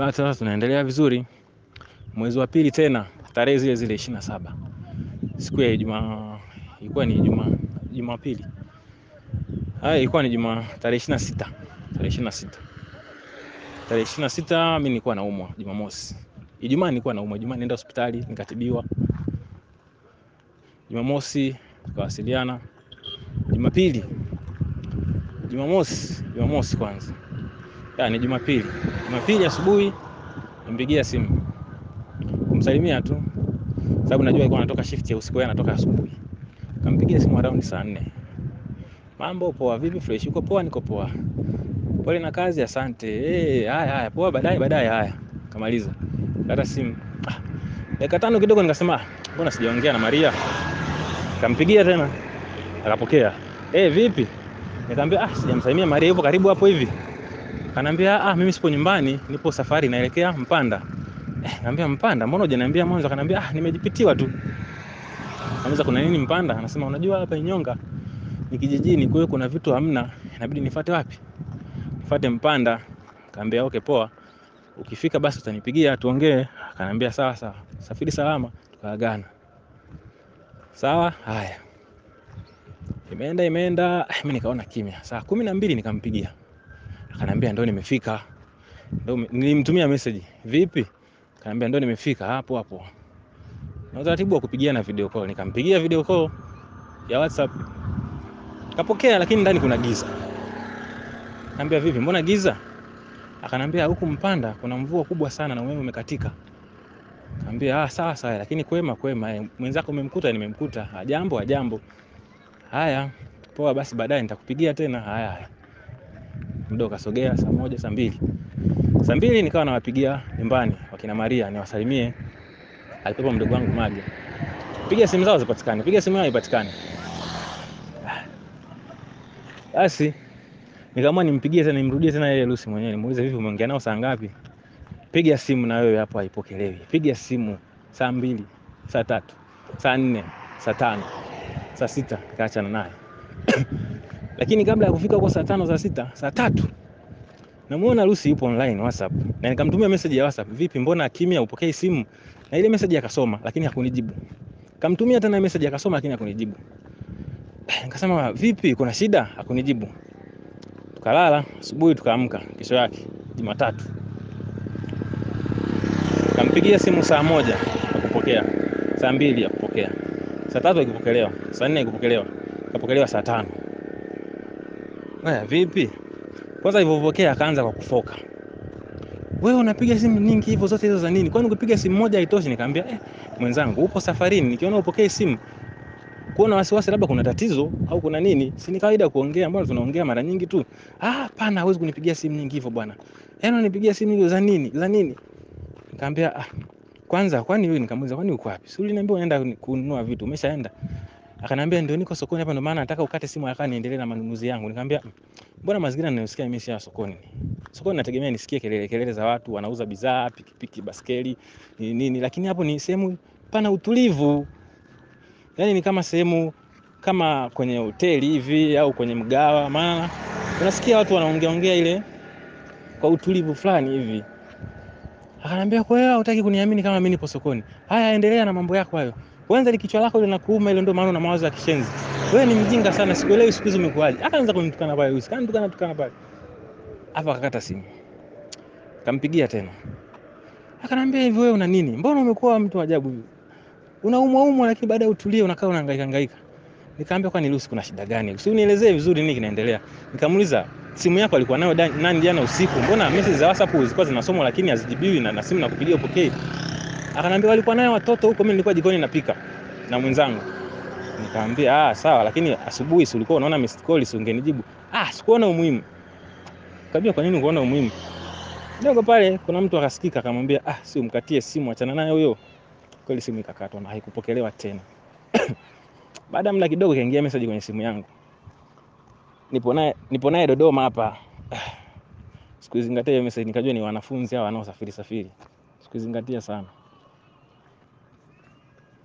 Kwa sasa tunaendelea vizuri. Mwezi wa pili tena tarehe zile zile 27. Siku ya Ijumaa ilikuwa ni Ijumaa Jumapili. Haya ilikuwa ni Juma tarehe 26. Tarehe 26. Tarehe 26 mimi nilikuwa naumwa Jumamosi. Ijumaa nilikuwa naumwa, Ijumaa nenda hospitali nikatibiwa. Jumamosi tukawasiliana. Jumapili Jumamosi, Jumamosi kwanza Ah, ni Jumapili. Jumapili asubuhi nimpigia simu kumsalimia tu, sababu najua alikuwa anatoka shift ya usiku, yeye anatoka asubuhi. Kampigia simu around saa nne, mambo poa, vipi fresh? Uko poa? Niko poa, pole na kazi, asante. Hey, eh, haya haya, poa, baadaye baadaye. Haya, kamaliza data simu. Ah, dakika tano kidogo, nikasema ah, mbona sijaongea na Maria. Kampigia tena akapokea. Eh, hey, vipi? Nikamwambia ah, sijamsalimia Maria, yupo karibu hapo hivi Kanaambia ah, mimi sipo nyumbani, nipo safari naelekea Mpanda. Eh, naambia Mpanda, mbona hujaniambia mwanzo? Kanaambia ah, nimejipitiwa tu. Anaweza kuna nini Mpanda? Anasema unajua hapa Inyonga ni kijijini, kwa hiyo kuna vitu hamna, inabidi nifuate wapi? Nifuate Mpanda. Kaambia okay, poa. Ukifika basi utanipigia tuongee. Kanaambia sawa sawa. Safiri salama, tukaagana. Sawa? Haya. Imeenda imeenda, ah, mimi nikaona kimya. Saa kumi na mbili nikampigia. Kanaambia ndo nimefika. Ndo nilimtumia message. Vipi? Kanaambia ndo nimefika hapo hapo. Na utaratibu wa kupigia na video call, nikampigia video call ya WhatsApp. Kapokea lakini ndani kuna giza. Naambia vipi? Mbona giza? Akanambia huku Mpanda kuna mvua kubwa sana na umeme umekatika. Kaambia ah, sawa sawa, lakini kwema kwema, eh, mwenzako umemkuta? Nimemkuta. Ajambo ajambo. Haya, poa basi, baadaye nitakupigia tena. Haya haya muda ukasogea saa moja saa mbili saa mbili nikawa nawapigia nyumbani wakina Maria niwasalimie, alikuwa mdogo wangu maji piga simu zao zipatikane, piga simu yao ipatikane. Basi nikaamua nimpigie tena, nimrudie tena yeye Lucy mwenyewe, nimuulize vipi, umeongea nao saa ngapi? Piga simu na wewe hapo, haipokelewi. Piga simu saa mbili, saa tatu, saa nne, saa tano, saa sita, nikaachana naye lakini kabla ya kufika kwa saa tano saa sita saa tatu namuona Lucy yupo online WhatsApp na nikamtumia message ya WhatsApp, vipi, mbona kimya, upokei simu? Na ile message akasoma, lakini hakunijibu. Kamtumia tena message akasoma, lakini hakunijibu. Nikasema vipi, kuna shida? Hakunijibu. Tukalala, asubuhi tukaamka, kesho yake Jumatatu kampigia simu saa moja akupokea, saa mbili akupokea, saa tatu akipokelewa, saa nne akupokelewa, akapokelewa saa tano. Eh, vipi? Kwanza alivyopokea akaanza kwa kufoka. Wewe unapiga simu nyingi hivyo zote hizo za nini? Kwani ukipiga simu moja haitoshi? Nikamwambia, eh, mwenzangu upo safarini, nikiona upokee simu kuona wasiwasi labda kuna tatizo au kuna nini, si ni kawaida kuongea, mbona tunaongea mara nyingi tu. Ah, hapana, hawezi kunipigia simu nyingi hivyo bwana. Yaani unanipigia simu hizo za nini? Za nini? Nikamwambia, ah, kwanza kwani wewe, nikamuuliza kwani uko wapi? Si uliniambia unaenda kununua vitu, umeshaenda? Akaniambia ndio niko sokoni hapa, ndio maana nataka ukate simu haraka niendelee na manunuzi yangu. Nikamwambia mbona mazingira ninayosikia mimi si ya sokoni? Sokoni nategemea nisikie kelele kelele za watu wanauza bidhaa, pikipiki, baskeli, nini nini, lakini hapo ni sehemu pana utulivu. Yaani ni kama sehemu kama kwenye hoteli hivi au kwenye mgawa, maana unasikia watu wanaongea ongea ile kwa utulivu fulani hivi. Akaniambia kwa hiyo hutaki kuniamini kama mimi nipo sokoni. Haya, endelea na mambo yako hayo kwanza ni kichwa lako linakuuma, ile ndio maana una mawazo ya kishenzi. Wewe ni mjinga sana, sikuelewi siku hizo umekuaje. Akaanza kunitukana pale, usikanitukana tukana pale. Hapo akakata simu, kampigia tena akanambia hivi, wewe una nini? Mbona umekuwa mtu wa ajabu hivi? Unaumwa umwa, lakini baada ya utulie unakaa unahangaika hangaika. Nikaambia kwani Lucy kuna shida gani? Si unielezee vizuri nini kinaendelea. Nikamuuliza simu yako alikuwa nayo nani jana usiku? Mbona message za WhatsApp zilikuwa zinasomwa lakini hazijibiwi na, na simu nakupigia upokee. Okay. Akanambia walikuwa naye watoto huko, mimi nilikuwa jikoni napika na mwenzangu. Nikamwambia ah, sawa, lakini asubuhi si ulikuwa unaona missed call, si ungenijibu? Ah, sikuona umuhimu. Kabla kwa nini ungeona umuhimu? Ndogo pale kuna mtu akasikika akamwambia, ah, si umkatie simu, achana naye huyo. Kweli simu ikakatwa na haikupokelewa tena. Baada ya kidogo kaingia message kwenye simu yangu. Nipo naye nipo naye Dodoma hapa. sikuzingatia hiyo message, nikajua ni wanafunzi hao wanaosafiri safiri. sikuzingatia sana.